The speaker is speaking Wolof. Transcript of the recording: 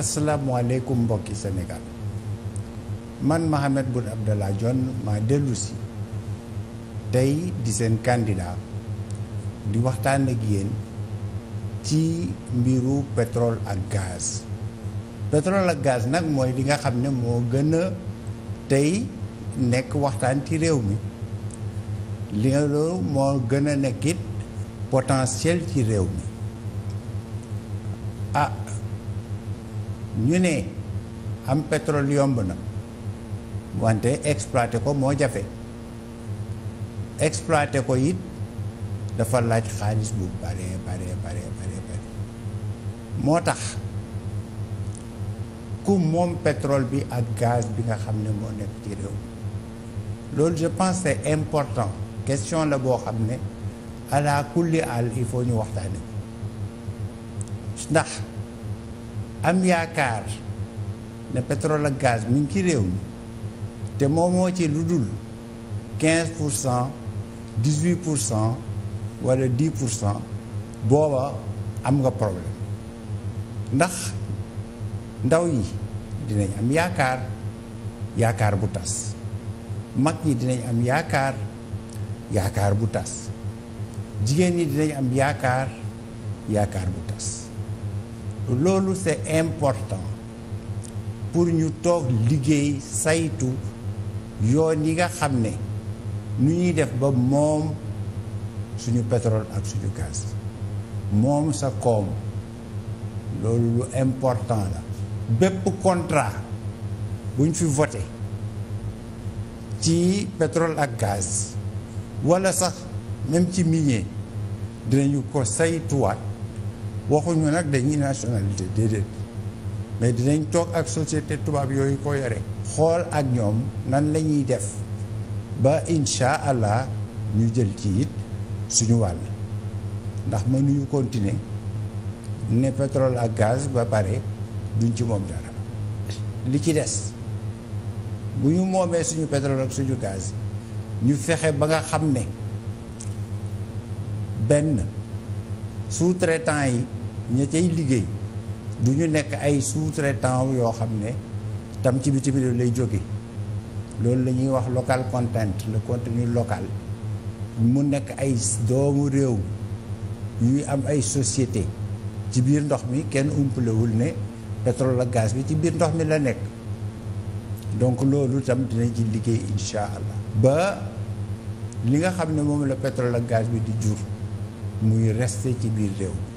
asalaamualeykum mbokki Sénégal man Mahammed Boun Abdallah Dionne maa dellu tey di seen candidat di waxtaan ak yéen ci mbiru pétrole ak gaz pétrole ak gaz nag mooy li nga xam ne moo gën a tey nekk waxtaan ci réew mi li moo gën a nekkit potentiel ci réew mi ah, ñu ne am pétrole yomb na wante exploité ko moo jafe exploité ko it dafa laaj xaalis bu bare bare bare bare moo tax ku moom petrole bi ak gaz bi nga xam ne moo nekk ci réew loolu je pense c'est important question la boo xam ne ala li àll il faut ñu waxtaane ko ndax am yaakaar ne pétrole ak gaz mi ngi ci réew mi te moom moo ci lu dul quinze pour cent dix huit pour cent wala dix pour cent booba am nga problème ndax ndaw yi dinañ am yaakaar yaakaar bu tas mag ñi dinañ am yaakaar yaakaar bu tas jigéen ñi dinañ am yaakaar yaakaar bu tas loolu c'est important pour ñu toog liggéey saytu yoon yi nga xam ne ñu ñuy def ba moom suñu pétrole ak suñu gaz moom sa koom loolu lu important la bépp contrat buñ fi vote ci pétrole ak gaz wala sax même ci minier dinañu ko saytuwaat waxuñu nag dañuy nationalité déedéet mais dinañ toog ak société tubaab yooyu ko yore xool ak ñoom nan la ñuy def ba incha allah ñu jël ci it suñu wàll ndax mënuñu continuer ne pétrole ak gaz ba pare duñ ci moom dara li ci des bu ñu moomee suñu pétrole ak suñu gaz ñu fexe ba nga xam ne benn sous-traitant yi ña cay liggéey du ñu nekk ay sous-traitant yoo xam ne tam ci bitim réew lay jóge loolu la ñuy wax local content le contenu local mu nekk ay doomu réew yuy am ay société ci biir ndox mi kenn umpalewul ne pétrole la gaz bi ci biir ndox mi la nekk donc loolu tam dinañ ci liggéey incha allah ba li nga xam ne moom la pétrole la gaz bi di jur muy reste ci biir réew